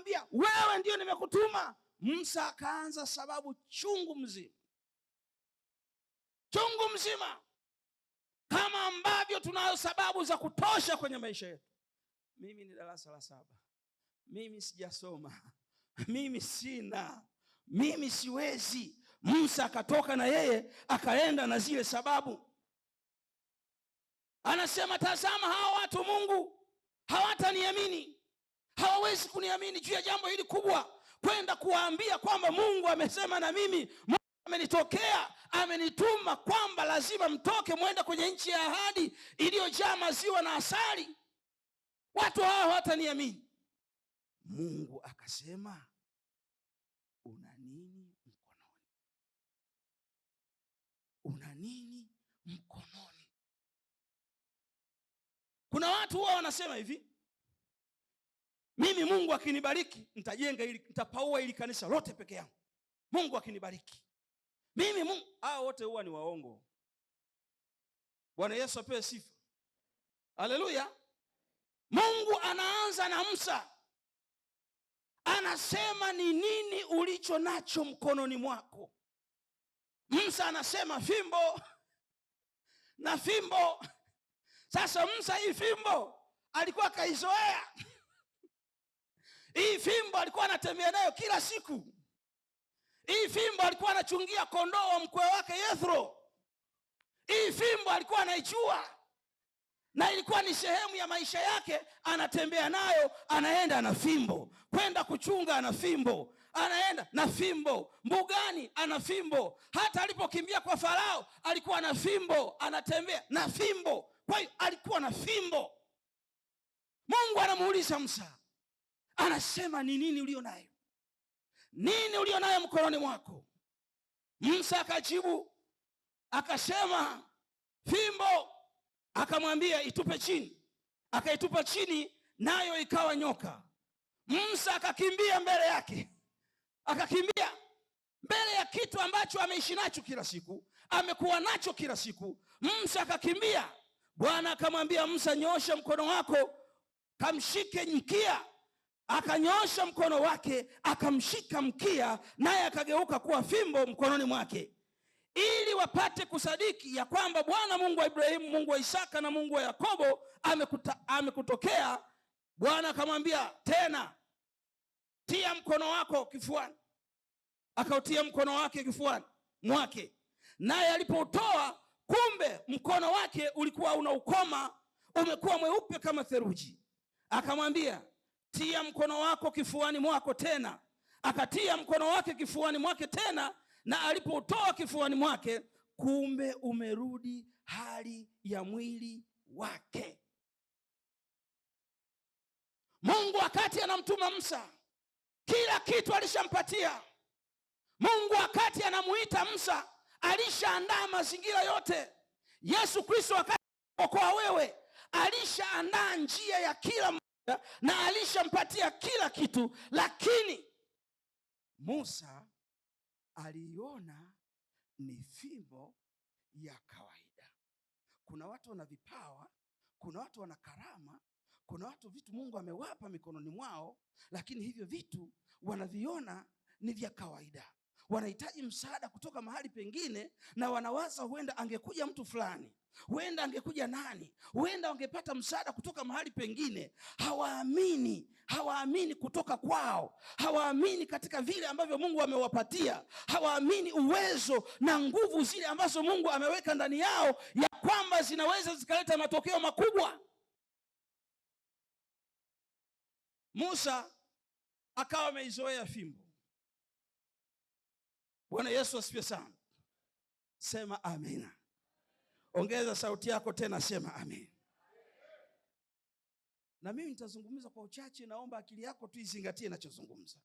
akamwambia wewe ndio nimekutuma. Musa akaanza sababu chungu mzima, chungu mzima, kama ambavyo tunayo sababu za kutosha kwenye maisha yetu. Mimi ni darasa la saba, mimi sijasoma, mimi sina, mimi siwezi. Musa akatoka na yeye akaenda na zile sababu. Anasema, tazama hawa watu Mungu hawataniamini hawawezi kuniamini juu ya jambo hili kubwa, kwenda kuwaambia kwamba Mungu amesema na mimi, Mungu amenitokea, amenituma kwamba lazima mtoke mwende kwenye nchi ya ahadi iliyojaa maziwa na asali. Watu hao hataniamini. Mungu akasema, una nini mkononi? Una nini mkononi? Kuna watu huwa wanasema hivi mimi Mungu akinibariki nitajenga ili nitapaua ili kanisa lote peke yangu. Mungu akinibariki. Mimi Mungu hao wote huwa ni waongo. Bwana Yesu apewe sifa. Haleluya. Mungu anaanza na Musa. Anasema ni nini ulicho nacho mkononi mwako? Musa anasema fimbo na fimbo. Sasa Musa hii fimbo alikuwa kaizoea. Hii fimbo alikuwa anatembea nayo kila siku. Hii fimbo alikuwa anachungia kondoo wa mkwe wake Yethro. Hii fimbo alikuwa anaichua, na ilikuwa ni sehemu ya maisha yake. Anatembea nayo, anaenda na fimbo kwenda kuchunga, ana fimbo anaenda na fimbo mbugani, ana fimbo. Hata alipokimbia kwa Farao alikuwa na fimbo, anatembea na fimbo. Kwa hiyo alikuwa na fimbo. Mungu anamuuliza Musa, anasema ni nini ulio nayo, nini ulio nayo mkononi mwako? Musa akajibu akasema fimbo. Akamwambia itupe chini, akaitupa chini, nayo ikawa nyoka. Musa akakimbia mbele yake, akakimbia mbele ya kitu ambacho ameishi nacho kila siku, amekuwa nacho kila siku. Musa akakimbia. Bwana akamwambia Musa, nyosha mkono wako, kamshike nyikia akanyoosha mkono wake akamshika mkia, naye akageuka kuwa fimbo mkononi mwake, ili wapate kusadiki ya kwamba Bwana Mungu wa Ibrahimu, Mungu wa Isaka na Mungu wa Yakobo amekuta, amekutokea. Bwana akamwambia tena, tia mkono wako kifuani. Akautia mkono wake kifuani mwake, naye alipoutoa, kumbe mkono wake ulikuwa una ukoma, umekuwa mweupe kama theluji. Akamwambia tia mkono wako kifuani mwako tena. Akatia mkono wake kifuani mwake tena, na alipoutoa kifuani mwake, kumbe umerudi hali ya mwili wake. Mungu wakati anamtuma Musa kila kitu alishampatia. Mungu wakati anamuita Musa alishaandaa mazingira yote. Yesu Kristo wakati okoa wewe alishaandaa njia ya kila na alishampatia kila kitu, lakini Musa aliona ni fimbo ya kawaida. Kuna watu wana vipawa, kuna watu wana karama, kuna watu vitu Mungu amewapa mikononi mwao, lakini hivyo vitu wanaviona ni vya kawaida wanahitaji msaada kutoka mahali pengine, na wanawaza huenda angekuja mtu fulani, huenda angekuja nani, huenda wangepata msaada kutoka mahali pengine. Hawaamini, hawaamini kutoka kwao, hawaamini katika vile ambavyo Mungu amewapatia, hawaamini uwezo na nguvu zile ambazo Mungu ameweka ndani yao, ya kwamba zinaweza zikaleta matokeo makubwa. Musa akawa ameizoea fimbo Bwana Yesu asifiwe sana. Sema amina. Ongeza sauti yako tena, sema amina. Na mimi nitazungumza kwa uchache, naomba akili yako tu izingatie ninachozungumza.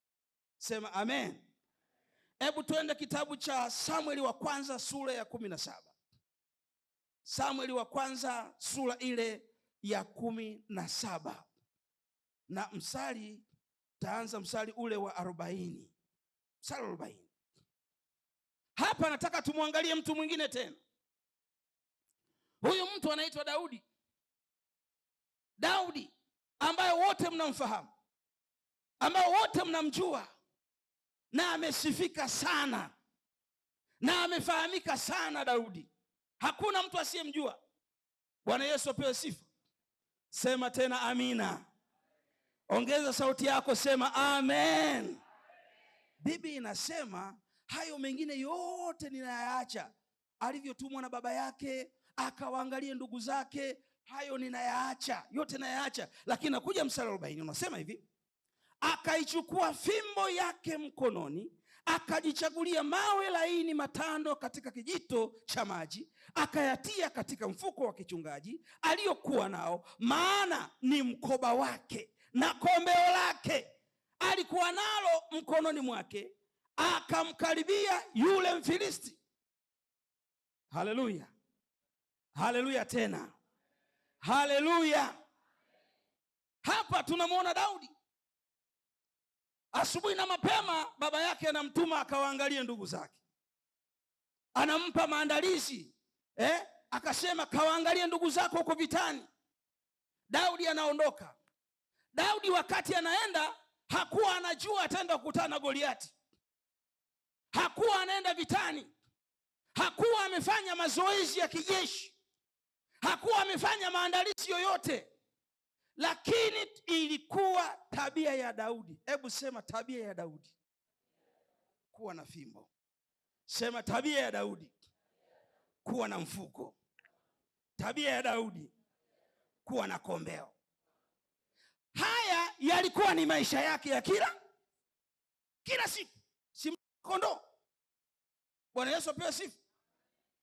Sema amen. Hebu tuende kitabu cha Samueli wa kwanza sura ya kumi na saba. Samueli wa kwanza sura ile ya kumi na saba na msali, taanza msali ule wa arobaini, msali arobaini. Hapa nataka tumwangalie mtu mwingine tena. Huyu mtu anaitwa Daudi. Daudi ambaye wote mnamfahamu, ambaye wote mnamjua, na amesifika sana na amefahamika sana. Daudi hakuna mtu asiyemjua. Bwana Yesu apewe sifa. Sema tena amina. Ongeza sauti yako, sema amen. Biblia inasema hayo mengine yote ninayaacha. Alivyotumwa na baba yake akawaangalie ndugu zake, hayo ninayaacha yote nayaacha. Lakini nakuja mstari arobaini unasema hivi, akaichukua fimbo yake mkononi akajichagulia mawe laini matano katika kijito cha maji, akayatia katika mfuko wa kichungaji aliyokuwa nao, maana ni mkoba wake na kombeo lake alikuwa nalo mkononi mwake akamkaribia yule Mfilisti. Haleluya, haleluya tena, haleluya. Hapa tunamwona Daudi asubuhi na mapema, baba yake anamtuma akawaangalie ndugu zake, anampa maandalizi eh? Akasema kawaangalie ndugu zako huko vitani. Daudi anaondoka. Daudi wakati anaenda hakuwa anajua ataenda kukutana na Goliati hakuwa anaenda vitani, hakuwa amefanya mazoezi ya kijeshi, hakuwa amefanya maandalizi yoyote, lakini ilikuwa tabia ya Daudi. Hebu sema tabia ya Daudi kuwa na fimbo. Sema tabia ya Daudi kuwa na mfuko. Tabia ya Daudi kuwa na kombeo. Haya yalikuwa ni maisha yake ya kila kila siku kondoo. Bwana Yesu apewe sifa,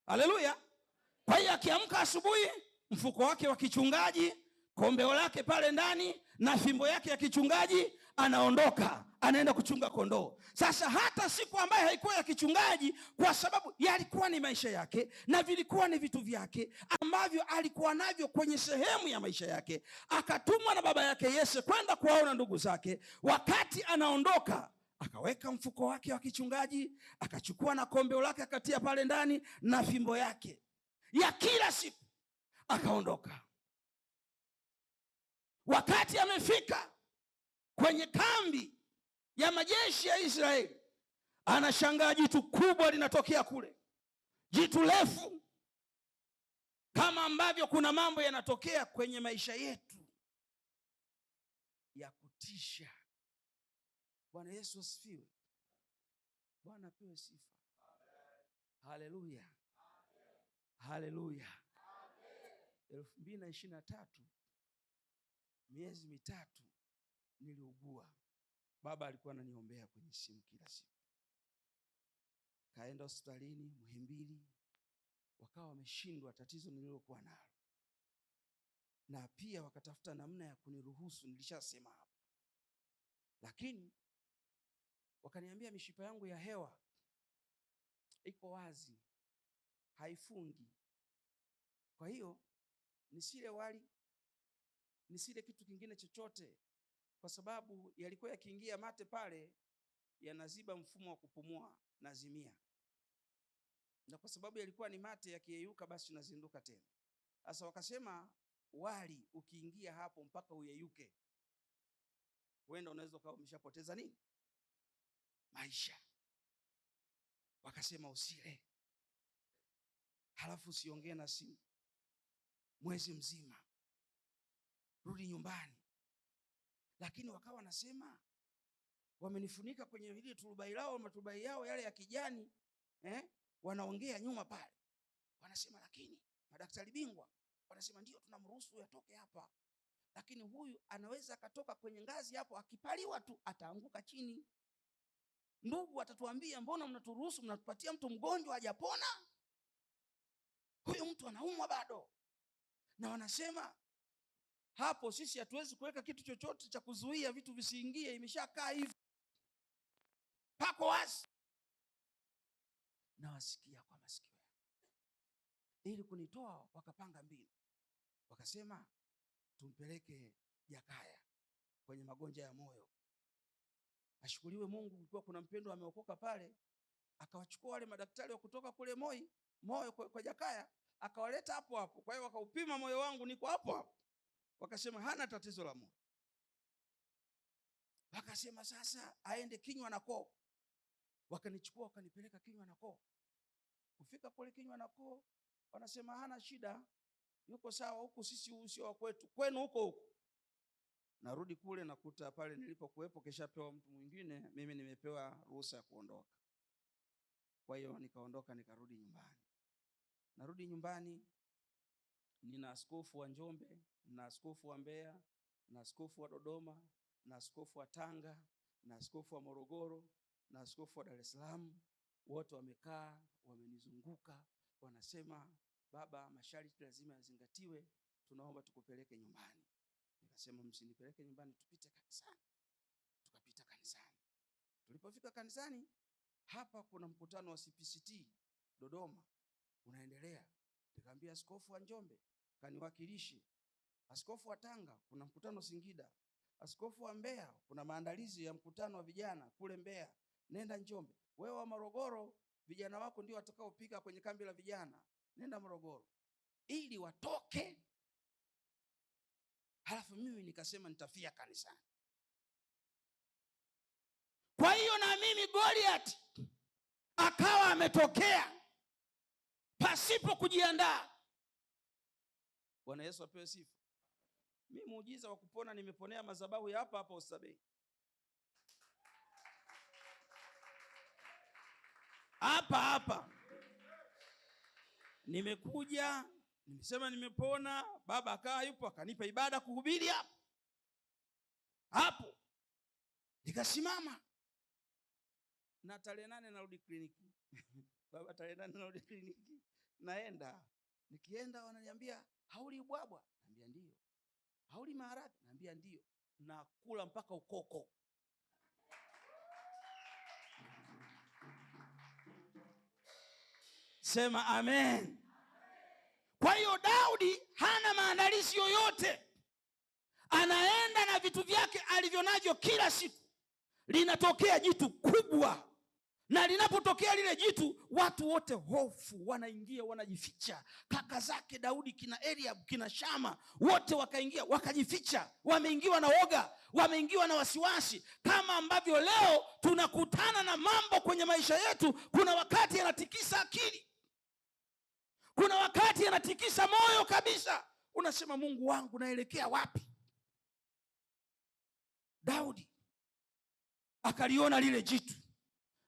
haleluya. Kwa hiyo akiamka asubuhi, mfuko wake wa kichungaji, kombeo lake pale ndani na fimbo yake ya kichungaji, anaondoka anaenda kuchunga kondoo. Sasa hata siku ambayo haikuwa ya kichungaji, kwa sababu yalikuwa ni maisha yake na vilikuwa ni vitu vyake ambavyo alikuwa navyo kwenye sehemu ya maisha yake, akatumwa na baba yake Yese kwenda kuwaona ndugu zake. Wakati anaondoka akaweka mfuko wake wa kichungaji, akachukua na kombeo lake akatia pale ndani na fimbo yake ya kila siku akaondoka. Wakati amefika kwenye kambi ya majeshi ya Israeli, anashangaa jitu kubwa linatokea kule, jitu refu, kama ambavyo kuna mambo yanatokea kwenye maisha yetu ya kutisha Bwana Yesu asifiwe. Bwana apewe sifa. Haleluya, haleluya. elfu mbili na ishirini na tatu miezi mitatu niliugua. Baba alikuwa ananiombea kwenye simu kila siku. Kaenda hospitalini Muhimbili, wakawa wameshindwa tatizo nililokuwa nalo, na pia wakatafuta namna ya kuniruhusu. Nilishasema hapo, lakini wakaniambia mishipa yangu ya hewa iko wazi, haifungi. Kwa hiyo nisile wali, nisile kitu kingine chochote, kwa sababu yalikuwa yakiingia mate pale yanaziba mfumo wa kupumua, nazimia. Na kwa sababu yalikuwa ni mate yakiyeyuka, basi nazinduka tena. Sasa wakasema wali ukiingia hapo mpaka uyeyuke, huenda unaweza ukawa umeshapoteza nini maisha, wakasema usile, halafu usiongee na simu mwezi mzima, rudi nyumbani. Lakini wakawa wanasema wamenifunika kwenye hili turubai lao maturubai yao yale ya kijani eh? Wanaongea nyuma pale, wanasema lakini madaktari bingwa wanasema ndio, tunamruhusu yatoke hapa, lakini huyu anaweza akatoka kwenye ngazi hapo, akipaliwa tu ataanguka chini ndugu atatuambia mbona mnaturuhusu mnatupatia mtu mgonjwa hajapona huyu mtu anaumwa bado na wanasema hapo sisi hatuwezi kuweka kitu chochote cha kuzuia vitu visiingie imeshakaa hivi pako wazi nawasikia kwa masikio yako ili kunitoa wakapanga mbinu wakasema tumpeleke jakaya kwenye magonjwa ya moyo Ashukuriwe Mungu, kulikuwa kuna mpendo ameokoka pale, akawachukua wale madaktari wa kutoka kule Moi Moyo kwa, kwa Jakaya akawaleta hapo hapo. Kwa hiyo wakaupima moyo wangu niko hapo hapo, wakasema hana tatizo la moyo. Wakasema sasa aende kinywa na koo, wakanichukua wakanipeleka kinywa na koo. Kufika kule kinywa na koo, wanasema hana shida, yuko sawa. Huku sisi huu sio wa kwetu, kwenu huko huko narudi kule nakuta pale nilipokuwepo kishapewa mtu mwingine, mimi nimepewa ruhusa ya kuondoka. Kwa hiyo nikaondoka nikarudi nyumbani. Narudi nyumbani, nina askofu wa Njombe na askofu wa Mbeya na askofu wa Dodoma na askofu wa Tanga na askofu wa Morogoro na askofu wa Dar es Salaam, wote wamekaa wamenizunguka, wanasema, baba, masharti lazima yazingatiwe, tunaomba tukupeleke nyumbani. Akasema msinipeleke nyumbani, tupite kanisani. Tukapita kanisani. Tulipofika kanisani, hapa kuna mkutano wa CPCT Dodoma unaendelea. Nikamwambia askofu wa Njombe kaniwakilishe, askofu wa Tanga kuna mkutano Singida, askofu wa Mbeya kuna maandalizi ya mkutano wa vijana kule Mbeya, nenda Njombe. Wewe wa Morogoro, vijana wako ndio watakaopika kwenye kambi la vijana, nenda Morogoro, ili watoke halafu mimi nikasema nitafia kanisani. Kwa hiyo na mimi Goliath akawa ametokea pasipo kujiandaa. Bwana Yesu apewe sifa. Mi muujiza wa kupona nimeponea madhabahu ya hapa hapa Oysterbay. Hapa hapa nimekuja Nimesema nimepona, baba akawa yupo, akanipa ibada kuhubiri hapo hapo, nikasimama na tarehe nane narudi kliniki baba, tarehe nane narudi kliniki, naenda nikienda, wananiambia hauli ubwabwa, naambia ndio. Hauli maharage, naambia ndio. Nakula mpaka ukoko sema amen. Kwa hiyo Daudi hana maandalizi yoyote, anaenda na vitu vyake alivyonavyo kila siku. Linatokea jitu kubwa, na linapotokea lile jitu, watu wote hofu, wanaingia wanajificha. Kaka zake Daudi kina Eliab kina Shama wote wakaingia wakajificha, wameingiwa na woga, wameingiwa na wasiwasi, kama ambavyo leo tunakutana na mambo kwenye maisha yetu, kuna wakati yanatikisa akili kuna wakati yanatikisa moyo kabisa, unasema Mungu wangu naelekea wapi? Daudi akaliona lile jitu.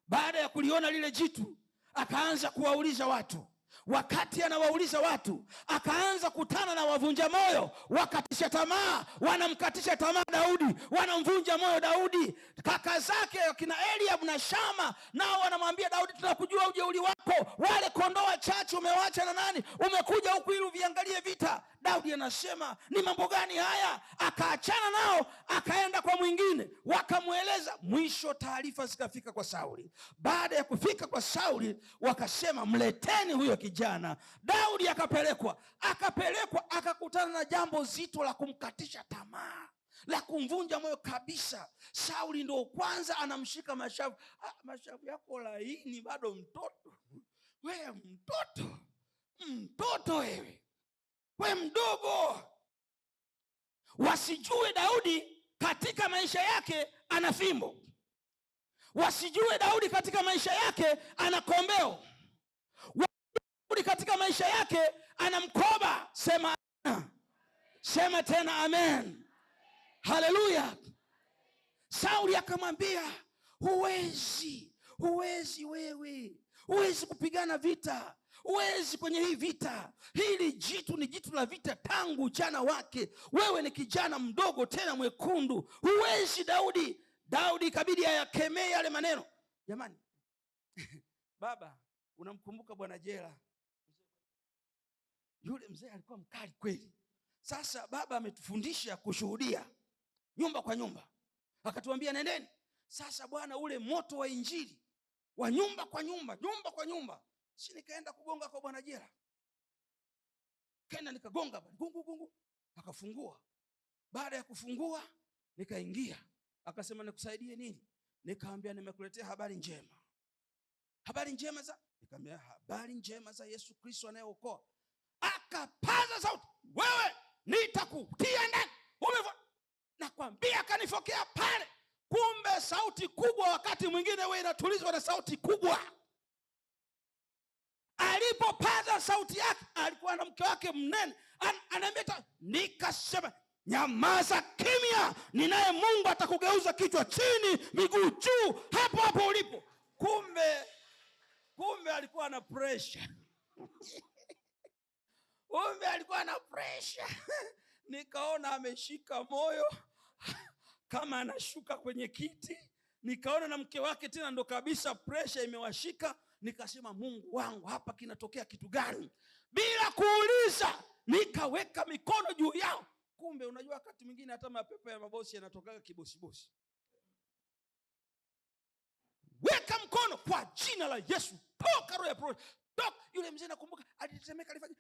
Baada ya kuliona lile jitu, akaanza kuwauliza watu, Wakati anawauliza watu, akaanza kutana na wavunja moyo, wakatisha tamaa, wanamkatisha tamaa Daudi, wanamvunja moyo Daudi. Kaka zake akina Eliab na Shama nao wanamwambia Daudi, tunakujua ujeuli wako, wale kondoa wachache umewacha na nani, umekuja huku ili uviangalie vita. Daudi anasema ni mambo gani haya? Akaachana nao, akaenda kwa mwingine, wakamweleza. Mwisho taarifa zikafika kwa Sauli. Baada ya kufika kwa Sauli, wakasema mleteni huyo kijana Daudi akapelekwa, akapelekwa akakutana na jambo zito la kumkatisha tamaa, la kumvunja moyo kabisa. Sauli ndo kwanza anamshika mashavu. Ah, mashavu yako laini, bado mtoto we, mtoto mtoto wewe, we mdogo. Wasijue Daudi katika maisha yake ana fimbo, wasijue Daudi katika maisha yake ana kombeo Daudi katika maisha yake ana mkoba. Sema amen. Sema tena amen. Haleluya. Sauli akamwambia, huwezi, huwezi wewe, huwezi kupigana vita huwezi kwenye hii vita. Hili jitu ni jitu la vita tangu ujana wake, wewe ni kijana mdogo tena mwekundu, huwezi Daudi. Daudi ikabidi ayakemee yale maneno. Jamani, baba, unamkumbuka Bwana jela yule mzee alikuwa mkali kweli. Sasa baba ametufundisha kushuhudia nyumba kwa nyumba, akatuambia nendeni sasa bwana, ule moto wa injili wa nyumba kwa nyumba, nyumba kwa nyumba. Si nikaenda kugonga kwa bwana Jera, kenda nikagonga gungu gungu, akafungua. Baada ya kufungua, nikaingia, akasema nikusaidie nini? Nikaambia nimekuletea habari njema. Habari njema za, nikamwambia habari njema za Yesu Kristo anayeokoa akapaza sauti, wewe nitakutia ndani. Nakwambia akanifokea pale. Kumbe sauti kubwa wakati mwingine wewe inatulizwa na sauti kubwa. Alipopaza sauti yake, alikuwa na mke wake mnene, anaambia nikasema, nyamaza kimya, ninaye Mungu atakugeuza kichwa chini, miguu juu, hapo hapo ulipo. Kumbe kumbe alikuwa na pressure umbe alikuwa na presha nikaona ameshika moyo kama anashuka kwenye kiti nikaona na mke wake tena ndo kabisa presha imewashika nikasema mungu wangu hapa kinatokea kitu gani bila kuuliza nikaweka mikono juu yao kumbe unajua wakati mwingine hata mapepo ya mabosi yanatokaga kibosibosi weka mkono kwa jina la yesu toka roho ya toka yule mzee nakumbuka alitetemeka alifanya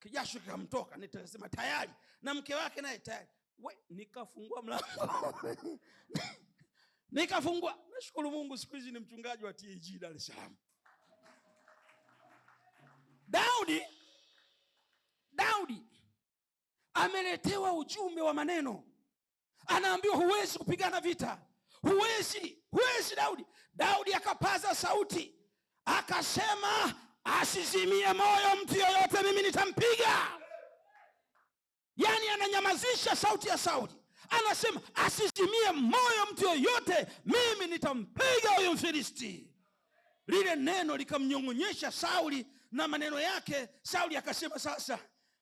kijasho kikamtoka, nitasema tayari, na mke wake naye tayari. We, nikafungua mlango nikafungua. Nashukuru Mungu, siku hizi ni mchungaji wa TAG Dar es Salaam. Daudi, Daudi ameletewa ujumbe wa maneno, anaambiwa huwezi kupigana vita, huwezi, huwezi Daudi. Daudi akapaza sauti akasema asizimie moyo mtu yoyote, mimi nitampiga. Yaani ananyamazisha sauti ya Sauli, anasema asizimie moyo mtu yoyote, mimi nitampiga huyu Mfilisti. Lile neno likamnyong'onyesha Sauli na maneno yake. Sauli akasema sasa,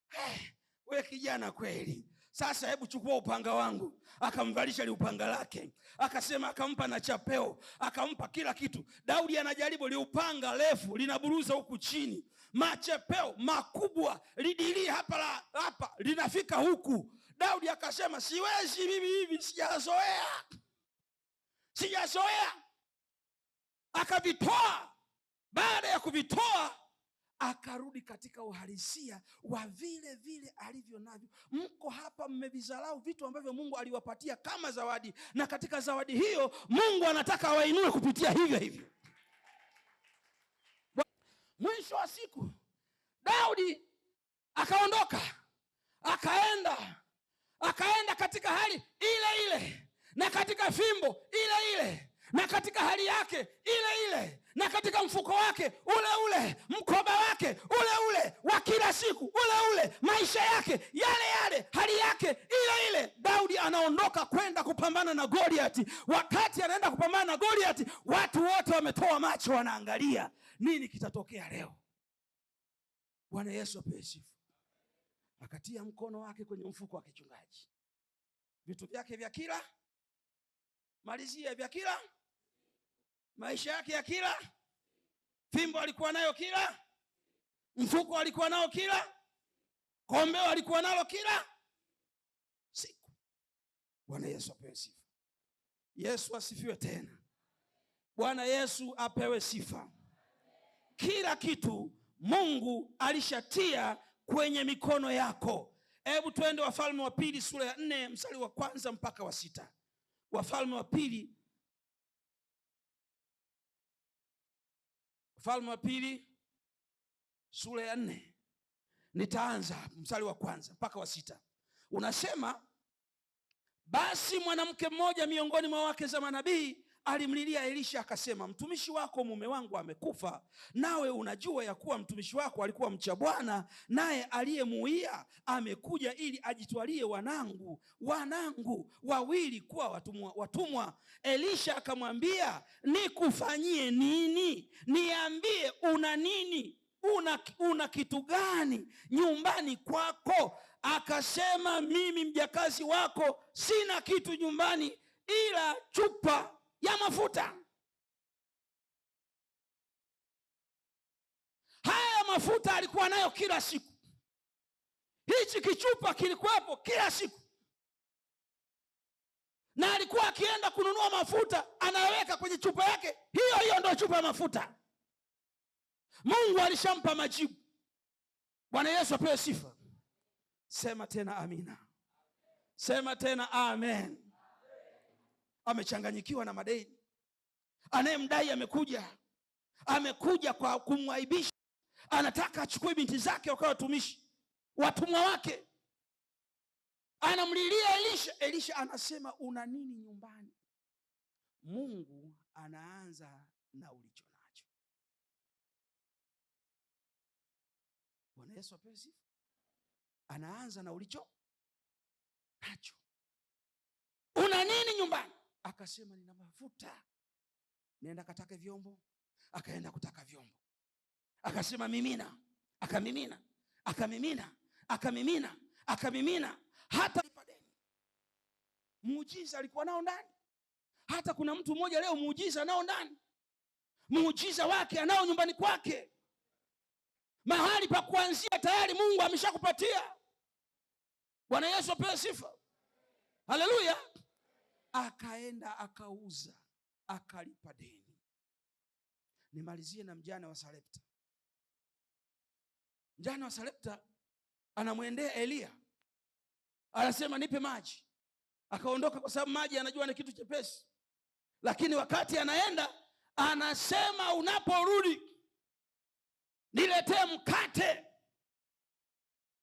hey, eh, we kijana kweli sasa hebu chukua upanga wangu. Akamvalisha liupanga lake, akasema, akampa na chapeo, akampa kila kitu. Daudi anajaribu, liupanga refu linaburuza huku chini, machepeo makubwa, lidili hapa la hapa linafika huku. Daudi akasema, siwezi mimi hivi, sijazoea, sijazoea. Akavitoa. Baada ya kuvitoa akarudi katika uhalisia wa vile vile alivyo navyo. Mko hapa mmevizarau vitu ambavyo Mungu aliwapatia kama zawadi, na katika zawadi hiyo Mungu anataka awainue kupitia hivyo hivyo. Mwisho wa siku Daudi akaondoka, akaenda, akaenda katika hali ile ile na katika fimbo ile ile na katika hali yake ile ile, na katika mfuko wake ule ule, mkoba wake ule ule wa kila siku ule ule, maisha yake yale yale, hali yake ile ile. Daudi anaondoka kwenda kupambana na Goliati. Wakati anaenda kupambana na Goliati, watu wote wametoa macho, wanaangalia nini kitatokea leo. Bwana Yesu apewe sifa. Akatia mkono wake kwenye mfuko wa kichungaji, vitu vyake vya kila malizia vya kila maisha yake ya kila fimbo alikuwa nayo kila mfuko alikuwa nao kila kombeo alikuwa nalo kila siku. Bwana Yesu apewe sifa. Yesu asifiwe tena. Bwana Yesu apewe sifa. Kila kitu Mungu alishatia kwenye mikono yako. Hebu twende Wafalme wa Pili sura ya nne mstari wa kwanza mpaka wa sita. Wafalme wa Pili mfalme wa pili sura ya nne nitaanza mstari wa kwanza mpaka wa sita unasema, basi mwanamke mmoja miongoni mwa wake za manabii alimlilia Elisha akasema, mtumishi wako mume wangu amekufa, nawe unajua ya kuwa mtumishi wako alikuwa mcha Bwana, naye aliyemuia amekuja ili ajitwalie wanangu wanangu wawili kuwa watumwa, watumwa. Elisha akamwambia, nikufanyie nini? Niambie una nini? Una, una kitu gani nyumbani kwako? Akasema, mimi mjakazi wako sina kitu nyumbani ila chupa ya mafuta. Haya mafuta alikuwa nayo kila siku, hichi kichupa kilikuwepo kila siku, na alikuwa akienda kununua mafuta anaweka kwenye chupa yake hiyo hiyo, ndio chupa ya mafuta. Mungu alishampa majibu. Bwana Yesu apewe sifa. Sema tena amina, sema tena amen amechanganyikiwa na madeni. Anayemdai amekuja amekuja kwa kumwaibisha, anataka achukue binti zake wakawa watumishi, watumwa wake. Anamlilia Elisha. Elisha anasema una nini nyumbani? Mungu anaanza na ulicho nacho. Bwana Yesu apewe sifa. Anaanza na ulicho nacho. Una nini nyumbani? akasema nina mafuta, nenda katake vyombo. Akaenda kutaka vyombo, akasema mimina, akamimina, akamimina, akamimina, akamimina, hata muujiza alikuwa nao ndani. Hata kuna mtu mmoja leo muujiza nao ndani, muujiza wake anao nyumbani kwake, mahali pa kuanzia tayari Mungu ameshakupatia. Bwana Yesu apewe sifa, haleluya akaenda akauza akalipa deni. Nimalizie na mjane wa Sarepta. Mjane wa Sarepta anamwendea Eliya, anasema nipe maji. Akaondoka kwa sababu maji anajua ni kitu chepesi, lakini wakati anaenda anasema, unaporudi niletee mkate.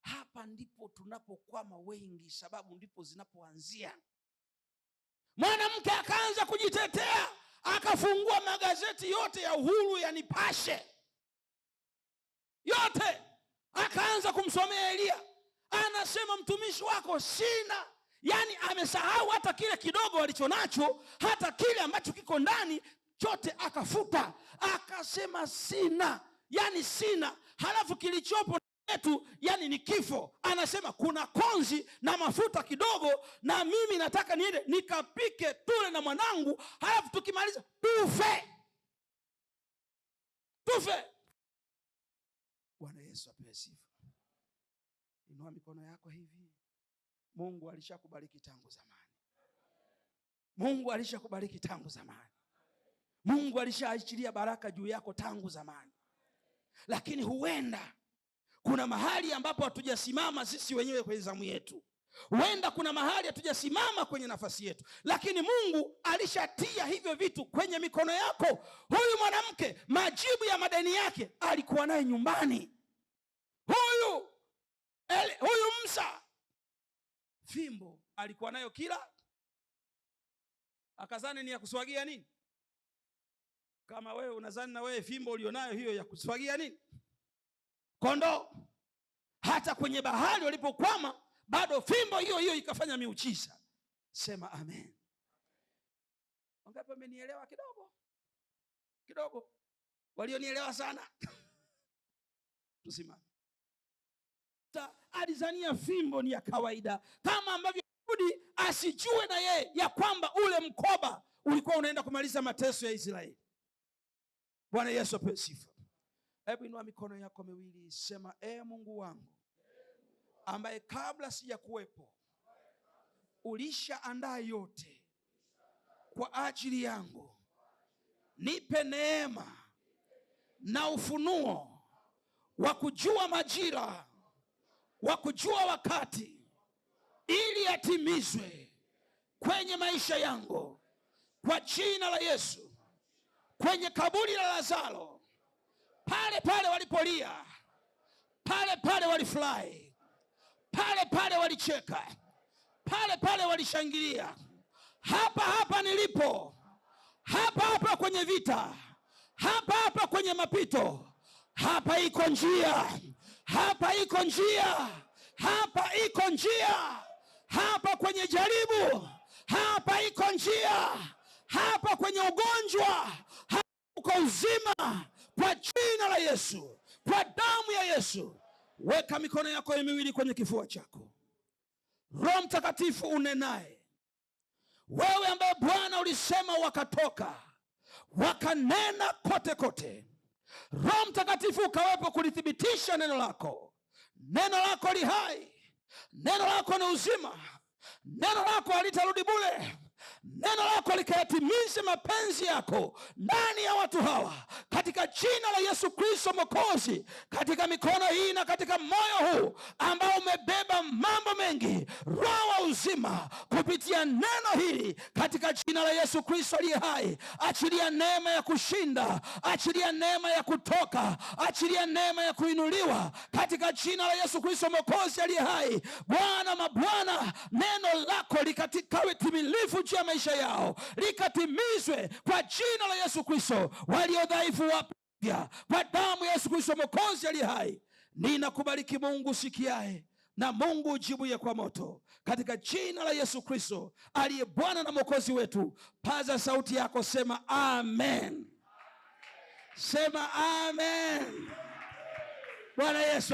Hapa ndipo tunapokwama wengi, sababu ndipo zinapoanzia Mwanamke akaanza kujitetea, akafungua magazeti yote ya Uhuru ya Nipashe yote, akaanza kumsomea Eliya. Anasema mtumishi wako sina, yaani amesahau hata kile kidogo alichonacho, hata kile ambacho kiko ndani chote akafuta, akasema sina, yaani sina, halafu kilichopo yetu yani ni kifo. Anasema kuna konzi na mafuta kidogo, na mimi nataka niende nikapike tule na mwanangu, halafu tukimaliza tufe, tufe. Bwana Yesu apewe sifa. Inua mikono yako hivi. Mungu alishakubariki tangu zamani. Mungu alishakubariki tangu zamani. Mungu alishaachilia baraka juu yako tangu zamani, lakini huenda kuna mahali ambapo hatujasimama sisi wenyewe kwenye zamu yetu, huenda kuna mahali hatujasimama kwenye nafasi yetu, lakini Mungu alishatia hivyo vitu kwenye mikono yako. Huyu mwanamke majibu ya madeni yake alikuwa naye nyumbani. Huyu ele, huyu msa fimbo alikuwa nayo kila akazani ni ya kuswagia nini. Kama wewe unazani na wewe fimbo ulionayo hiyo ya kuswagia nini kondoo. Hata kwenye bahari walipokwama, bado fimbo hiyo hiyo ikafanya miujiza. Sema amen. Wangapi wamenielewa? Kidogo kidogo, walionielewa sana tusimame. Alizania fimbo ni ya kawaida, kama ambavyo Daudi asijue na yeye ya kwamba ule mkoba ulikuwa unaenda kumaliza mateso ya Israeli. Bwana Yesu apewe sifa. Hebu inua mikono yako miwili, sema e Mungu wangu ambaye kabla sijakuwepo ulishaandaa yote kwa ajili yangu, nipe neema na ufunuo wa kujua majira, wa kujua wakati, ili yatimizwe kwenye maisha yangu, kwa jina la Yesu, kwenye kaburi la Lazaro pale pale walipolia, pale pale walifurahi, pale pale walicheka, pale pale walishangilia. Hapa hapa nilipo, hapa hapa kwenye vita, hapa hapa kwenye mapito, hapa iko njia, hapa iko njia, hapa iko njia, hapa kwenye jaribu, hapa iko njia, hapa kwenye ugonjwa, hapa uko uzima kwa jina la Yesu, kwa damu ya Yesu. Weka mikono yako miwili kwenye kifua chako. Roho Mtakatifu unenaye, wewe ambaye Bwana ulisema wakatoka wakanena kote kote, Roho Mtakatifu ukawepo kulithibitisha neno lako. Neno lako li hai, neno lako ni uzima, neno lako halitarudi bure neno lako likayatimize mapenzi yako ndani ya watu hawa, katika jina la Yesu Kristo mokozi katika mikono hii na katika moyo huu ambao umebeba mambo mengi, Roho wa uzima, kupitia neno hili, katika jina la Yesu Kristo aliye hai, achilia neema ya kushinda, achilia neema ya kutoka, achilia neema ya kuinuliwa, katika jina la Yesu Kristo mokozi aliye hai. Bwana mabwana, neno lako likatikawe timilifu jema maisha yao likatimizwe kwa jina la Yesu Kristo. Walio dhaifu wapya kwa damu ya Yesu Kristo mokozi aliye hai. Ninakubariki Mungu sikiaye na Mungu ujibuye kwa moto katika jina la Yesu Kristo aliye Bwana na mokozi wetu. Paza sauti yako, sema amen, sema amen. Bwana Yesu